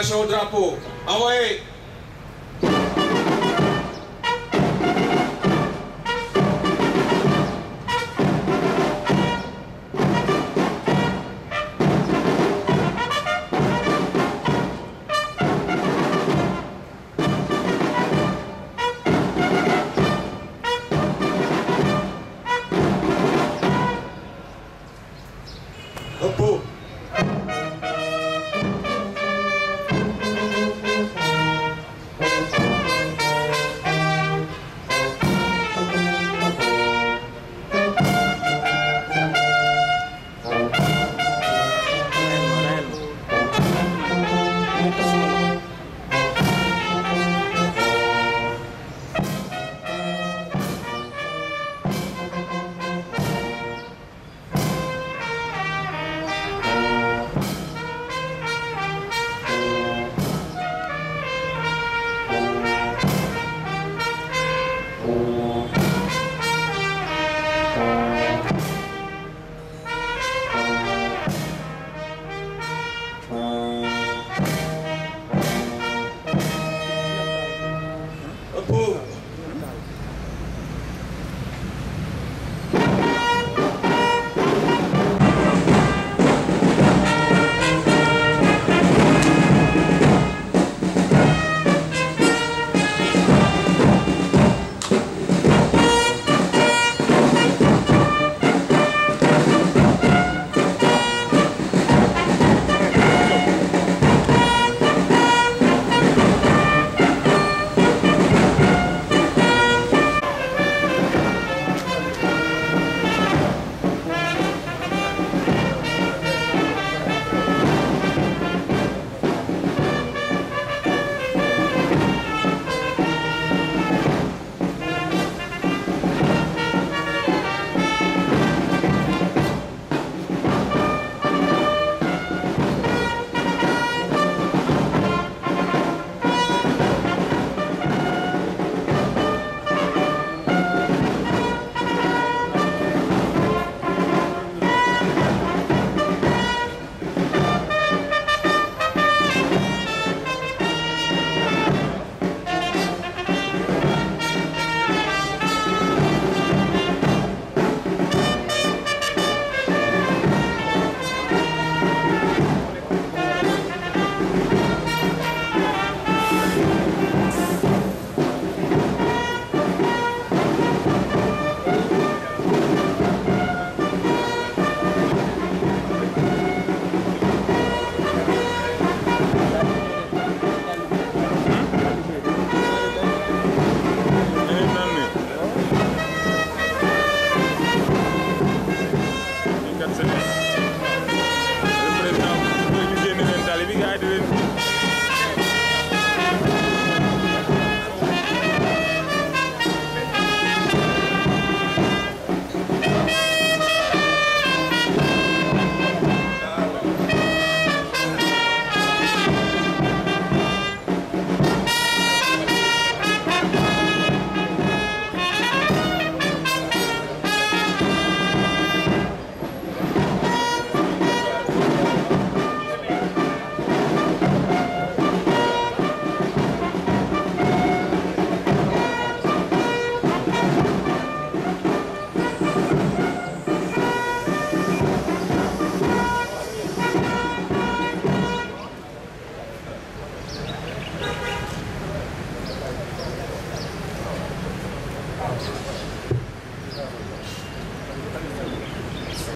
décoration au drapeau. Envoyez Thank you.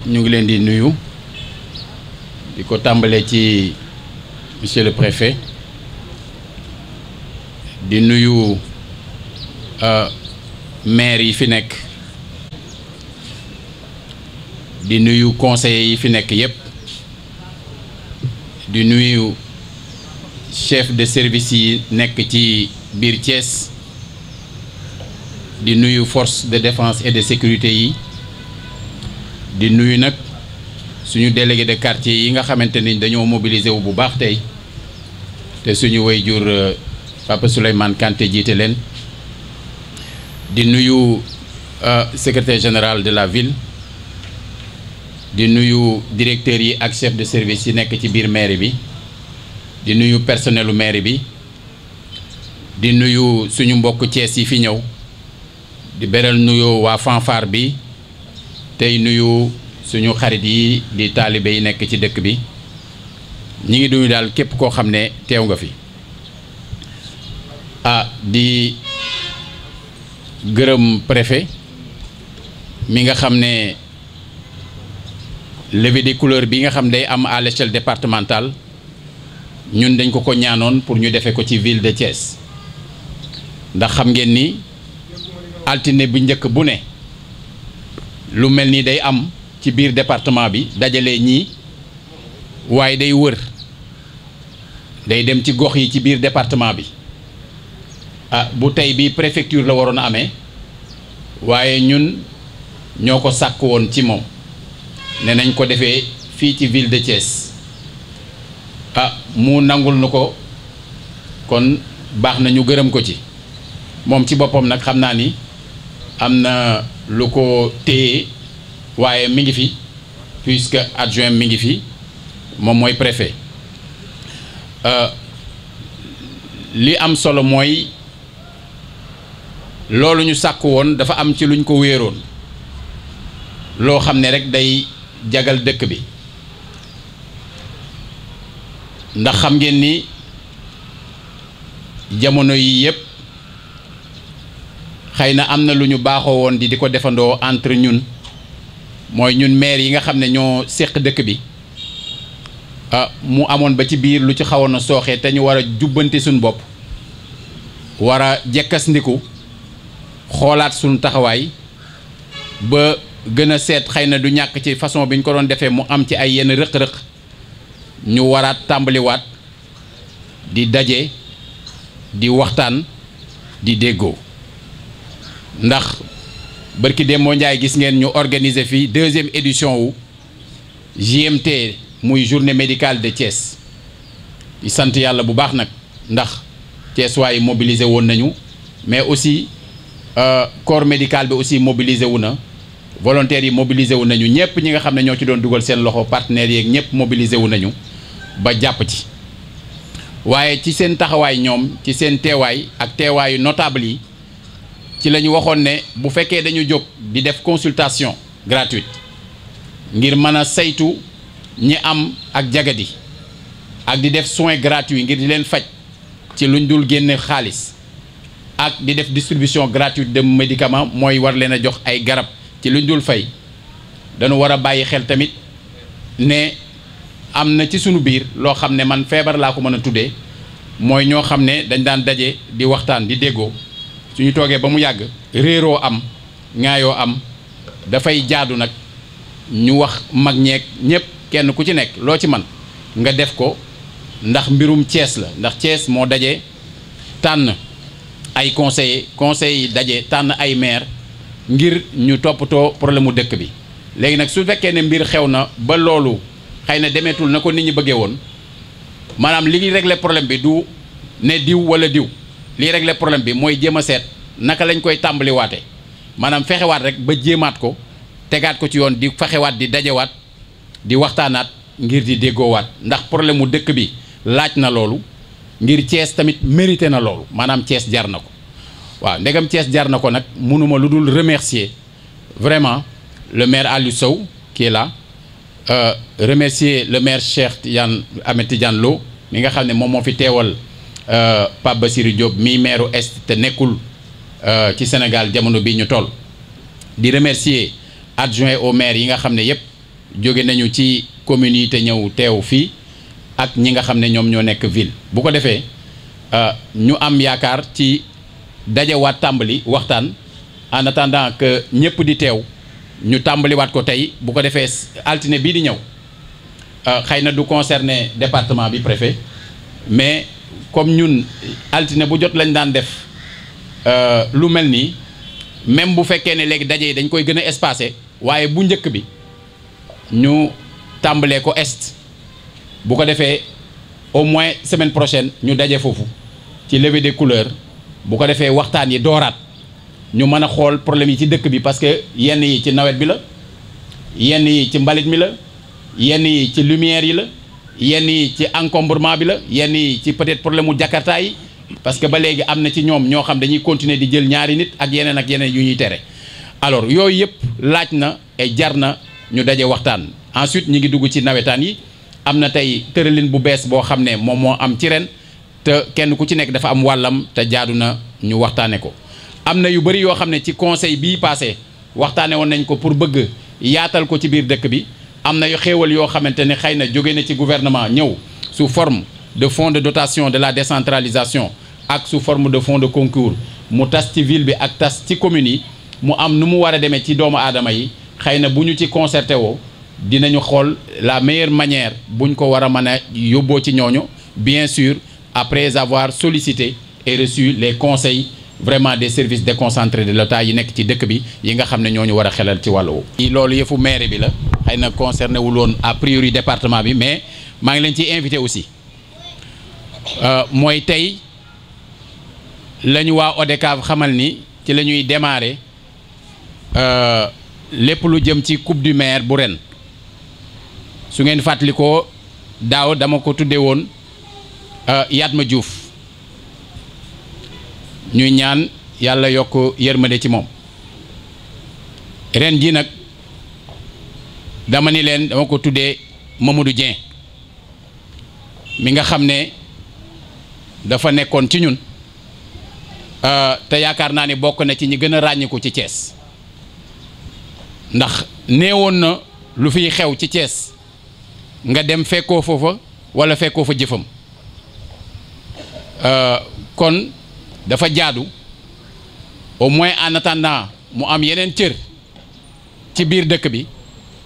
ñu ngi leen di nuyu di ko tàmbalee ci monsieur le préfet di nuyu euh, maire yi fi nekk di nuyu conseillers yi fi nekk yépp di nuyu chef de service yi nekk ci biir Thiès di nuyu force de défense et de sécurité yi di nuyu nag suñu délégué de quartier yi nga xamante ni dañoo mobiliser wu bu baax tey te suñu wayjur euh, Papa Souleymane Kanté jiite leen di nuyu euh, secrétaire général de la ville di nuyu directeurs yi ak chef de service yi nekk ci biir mairie bi di nuyu personnelu mairie bi di nuyu suñu mbokk Cees yi fi ñëw di beral nuyoo waa fanfar bi tey nuyu suñu xarit yi di taalibe nekk ci dëkk bi ñi ngi duñu daal képp koo xam ne teew nga fi ah di gërëm préfet mi nga xam ne levée des couleurs bi nga xam day am à l'échelle départementale ñun dañ ko ko ñaanoon pour ñu defee ko ci ville de Thiès ndax xam ngeen ni altine bu njëkk bu ne lu mel ni day am ci biir département bi dajale ñii waaye day wër day dem ci gox yi ci biir département bi ah bu tey bii préfecture la waroon a amee waaye ñun ñoo ko sàkk woon ci moom ne nañ ko defee fii ci ville de Thiès ah mu nangul nu ko kon baax na ñu gërëm ko ci moom ci boppam nag xam naa ni am na lu ko téye waaye mi ngi fi puisque adjoint mi ngi fi moom mooy préfet euh, li am solo mooy loolu ñu sàkk woon dafa am ci luñ ko wéeroon loo xam ne rek day jagal dëkk bi ndax xam ngeen ni jamono yi yépp xëy na am na lu ñu baaxoo woon di di ko defandoo entre ñun mooy ñun maire yi nga xam ne ñoo séq dëkk bi ah mu amoon ba ci biir lu ci xawoon a sooxee te ñu war a jubbanti suñu bopp war a jekkas xoolaat suñu taxawaay ba gën a seet xëy na du ñàkk ci façon bi ñu ko doon defee mu am ci ay yenn rëq-rëq ñu waraat tàmbaliwaat di daje di waxtaan di déggoo ndax barki Demba Ndiaye gis ngeen ñu organiser fii deuxième édition wu JMT muy journée médical de Thiès di sant yàlla bu baax nag ndax Thiès waaye woon nañu mais aussi euh, corps médical bi aussi mobilisé wu na volontaires yi mobilisé wu nañu ñëpp ñi nga xam ne ñoo ci doon dugal seen loxo partenaires yeeg ñëpp mobilisé wu nañu ba jàpp ci waaye ci seen taxawaay ñoom ci seen teewaay ak teewaayu notable yi. ci lañu waxoon ne bu fekkee dañu jóg di def consultation gratuite ngir mën a saytu ñi am ak jagadi ak di def soins gratuits ngir di leen faj ci luñ dul génne xaalis ak di def distribution gratuite de médicament mooy war leen a jox ay garab ci luñ dul fay dañu war a bàyyi xel tamit ne am na ci sunu biir loo xam ne man feebar laa ko mën a tuddee mooy ñoo xam ne dañ daan daje di waxtaan di déggoo suñu toogee ba mu yàgg réeroo am ŋaayoo am dafay jaadu nag ñu wax mag ñeek ñépp kenn ku ci nekk loo ci man nga def ko ndax mbirum cees la ndax cees moo daje tànn ay conseillers conseils yi daje tànn ay maire ngir ñu toppatoo problème mu dëkk bi léegi nag su fekkee ne mbir xew na ba loolu xëy na demeetul na ko nit ñi bëggee woon maanaam li ñuy régler problème bi du ne diw wala diw lii régler problème bi mooy jéem a seet naka lañ koy tàmbaliwaate maanaam fexewaat rek ba jéemaat ko tegaat ko ci yoon di fexewaat di dajewaat di waxtaanaat ngir di déggoowaat ndax problème mu dëkk bi laaj na loolu ngir cees tamit mérité na loolu maanaam cees jar na ko waaw ndegam Thiès jar na ko nag mënuma lu dul remercier vraiment le maire Aliou Sow kii est là euh, le maire Cheikh Tidiane Ahmed Tidiane Lo mi nga xam ne moom moo fi teewal Euh, Pape Bassirou Diop mii meeru Est te nekkul euh, ci Sénégal jamono bi ñu toll di remercier adjoint au maire yi nga xam ne yëpp jóge nañu ci communes yi te ñëw teew fii ak ñi nga xam ne ñoom ñoo nekk ville bu ko defee euh, ñu am yaakaar ci dajewaat tàmbali waxtaan en attendant que ñëpp di teew ñu tàmbaliwaat ko tey bu ko defee altine bii di ñëw xëy na du concerner département bi préfet mais comme ñun altine bu jot lañ daan def euh, lu mel nii même bu fekkee ne léegi daje yi dañ koy gën a espacé waaye bu njëkk bi ñu tàmbalee ko est bu ko defee au moins semaine prochaine ñu daje foofu ci levée de couleur bu ko defee waxtaan yi dooraat ñu mën a xool problème yi ci dëkk bi parce que yenn yi ci nawet bi la yenn yi ci mbalit mi la yenn yi ci lumière yi la yenn yi ci encombrement bi la yenn yi ci peut-être problème mu jakarta parce que ba léegi am na ci ñoom ñoo xam dañuy continuer di jël ñaari nit ak yeneen ak yeneen yu ñuy tere alors yooyu yëpp laaj na e jar na ñu daje waxtaan ensuite ñi ngi dugg ci nawetaan yi am na tey tëralin bu bees boo xam ne moom moo am ci ren te kenn ku ci nekk dafa am wàllam te jaadu na ñu waxtaane ko am na yu bëri yoo xam ne ci conseil bii passé waxtaane woon nañ ko pour bëgg yaatal ko ci biir dëkk bi am na xéewal yoo xamante ni xëy na jóge na ci gouvernement ñëw su forme de fonds de dotation de la décentralisation ak su forme de fonds de concours mu tas ci ville bi ak tas ci commune yi mu am nu mu war a demee ci doomu aadama yi xëy na bu ñu ci concerté woo dinañu xool la meilleure manière bu ñu ko war a mën a yóbboo ci ñooñu bien sûr après avoir sollicité et reçu les conseils vraiment des services déconcentrés de l'État yi nekk ci dëkk bi yi nga xam ne ñooñu war a xelal ci wàll woowu. maire bi la. xëy na concerné wul woon a priori département bi mais maa ngi leen ciy invité aussi euh, mooy tey la ñu waa ODCAV xamal ni ci la ñuy démarrer euh, lépp lu jëm ci coupe du maire bu ren su ngeen fàttalikoo daaw dama ko tuddee woon euh, ma Diouf ñuy ñaan yàlla yokk yërmande ci moom ren ji nag dama ni leen dama ko tuddee Mamadou Dieng mi nga xam ne dafa nekkoon ci ñun euh, te yaakaar naa ni bokk na ci ñi gën a ràññiku ci Thiès ndax néewoon na lu fiy xew ci cees nga dem fekkoo foofa walla fekkoo fa jëfam euh, kon dafa jaadu au moins en attendant mu am yeneen cër ci biir dëkk bi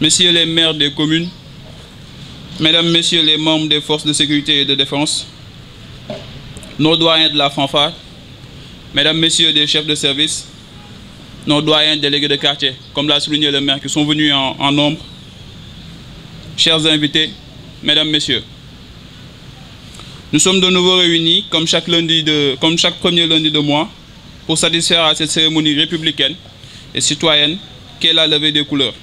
messieurs les maires des communes, mesdames, messieurs les membres des forces de sécurité et de défense, nos doyens de la fanfare, mesdames, messieurs les chefs de service, nos doyens délégués de quartier, comme l'a souligné le maire, qui sont venus en, en nombre, chers invités, mesdames, messieurs. Nous sommes de nouveau réunis, comme chaque, lundi de, chaque premier lundi de mois, pour satisfaire à cette cérémonie républicaine et citoyenne qu'est la levée des couleurs.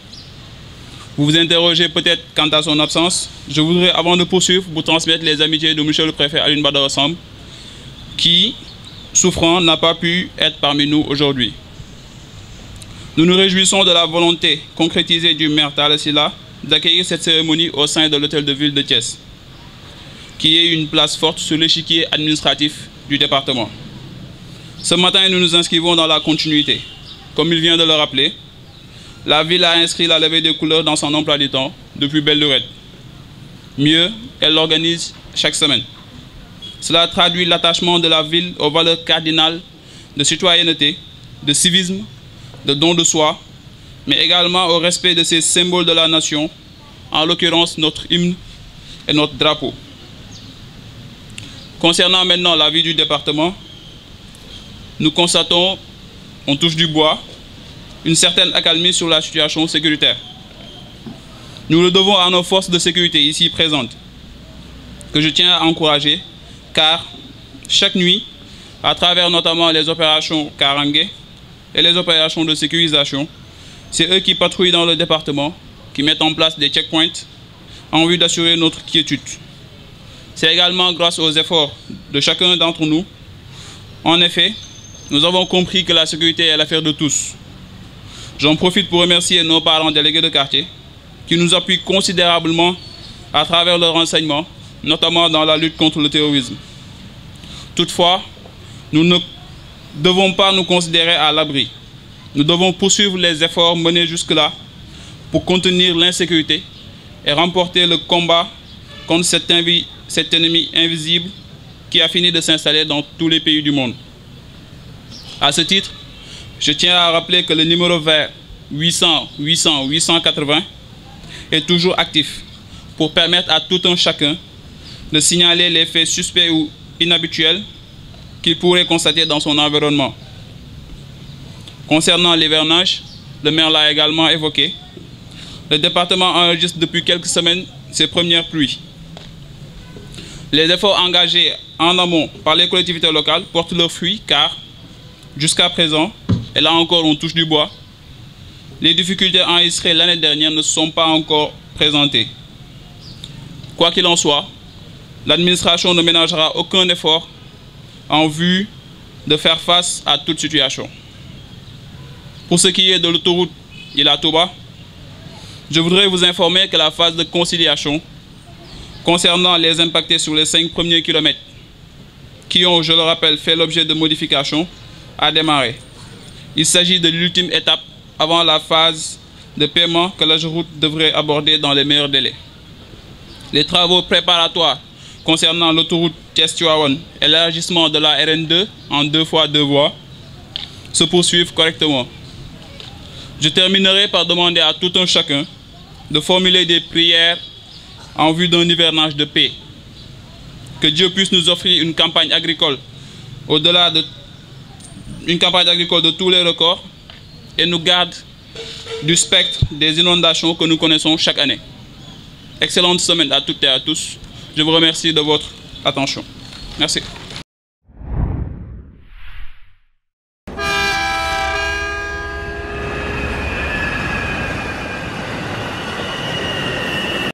Vous vous interrogez peut-être quant à son absence. Je voudrais, avant de poursuivre, vous transmettre les amitiés de monsieur le préfet Alioune Badara Samb, qui, souffrant, n'a pas pu être parmi nous aujourd'hui. Nous nous réjouissons de la volonté concrétisée du maire Talla Sylla d'accueillir cette cérémonie au sein de l'hôtel de ville de Thiès, qui est une place forte sur l'échiquier administratif du département. Ce matin, nous nous inscrivons dans la continuité. Comme il vient La ville a inscrit la levée des couleurs dans son emploi du temps depuis belle lurette. Mieux, elle l'organise chaque semaine. Cela traduit l'attachement de la ville aux valeurs cardinales de citoyenneté, de civisme, de don de soi, mais également au respect de ces symboles de la nation, en l'occurrence notre hymne et notre drapeau. Concernant maintenant la vie du département, nous constatons, on touche du bois, une certaine accalmie sur la situation sécuritaire. Nous le devons à nos forces de sécurité ici présentes, que je tiens à encourager, car chaque nuit, à travers notamment les opérations Karangue et les opérations de sécurisation, c'est eux qui patrouillent dans le département, qui mettent en place des checkpoints en vue d'assurer notre quiétude. C'est également grâce aux efforts de chacun d'entre nous. En effet, nous avons compris que la sécurité est l'affaire de tous. J'en profite pour remercier nos parents délégués de quartier qui nous appuient considérablement à travers leur enseignement, notamment dans la lutte contre le terrorisme. Toutefois, nous ne devons pas nous considérer à l'abri. Nous devons poursuivre les efforts menés jusque-là pour contenir l'insécurité et remporter le combat contre cet, envi, cet ennemi invisible qui a fini de s'installer dans tous les pays du monde. À ce titre, Je tiens à rappeler que le numéro vert 800 800 880 est toujours actif pour permettre à tout un chacun de signaler les faits suspects ou inhabituels qu'il pourrait constater dans son environnement. Concernant l'hivernage, le maire l'a également évoqué. Le département enregistre depuis quelques semaines ses premières pluies. Les efforts engagés en amont par les collectivités locales portent leurs fruits car, jusqu'à présent, Et là encore, on touche du bois. Les difficultés enregistrées l'année dernière ne sont pas encore présentées. Quoi qu'il en soit, l'administration ne ménagera aucun effort en vue de faire face à toute situation. Pour ce qui est de l'autoroute Ilatoba, je voudrais vous informer que la phase de conciliation concernant les impactés sur les cinq premiers kilomètres, qui ont, je le rappelle, fait l'objet de modification à démarré. Il s'agit de l'ultime étape avant la phase de paiement que l'AGEROUTE devrait aborder dans les meilleurs délais. Les travaux préparatoires concernant l'autoroute Thiès-Tivaouane et l'élargissement de la RN2 en deux fois deux voies se poursuivent correctement. Je terminerai par demander à tout un chacun de formuler des prières en vue d'un hivernage de paix. Que Dieu puisse nous offrir une campagne agricole au-delà une campagne agricole de tous les records et nous garde du spectre des inondations que nous connaissons chaque année. Excellente semaine à toutes et à tous. Je vous remercie de votre attention. Merci.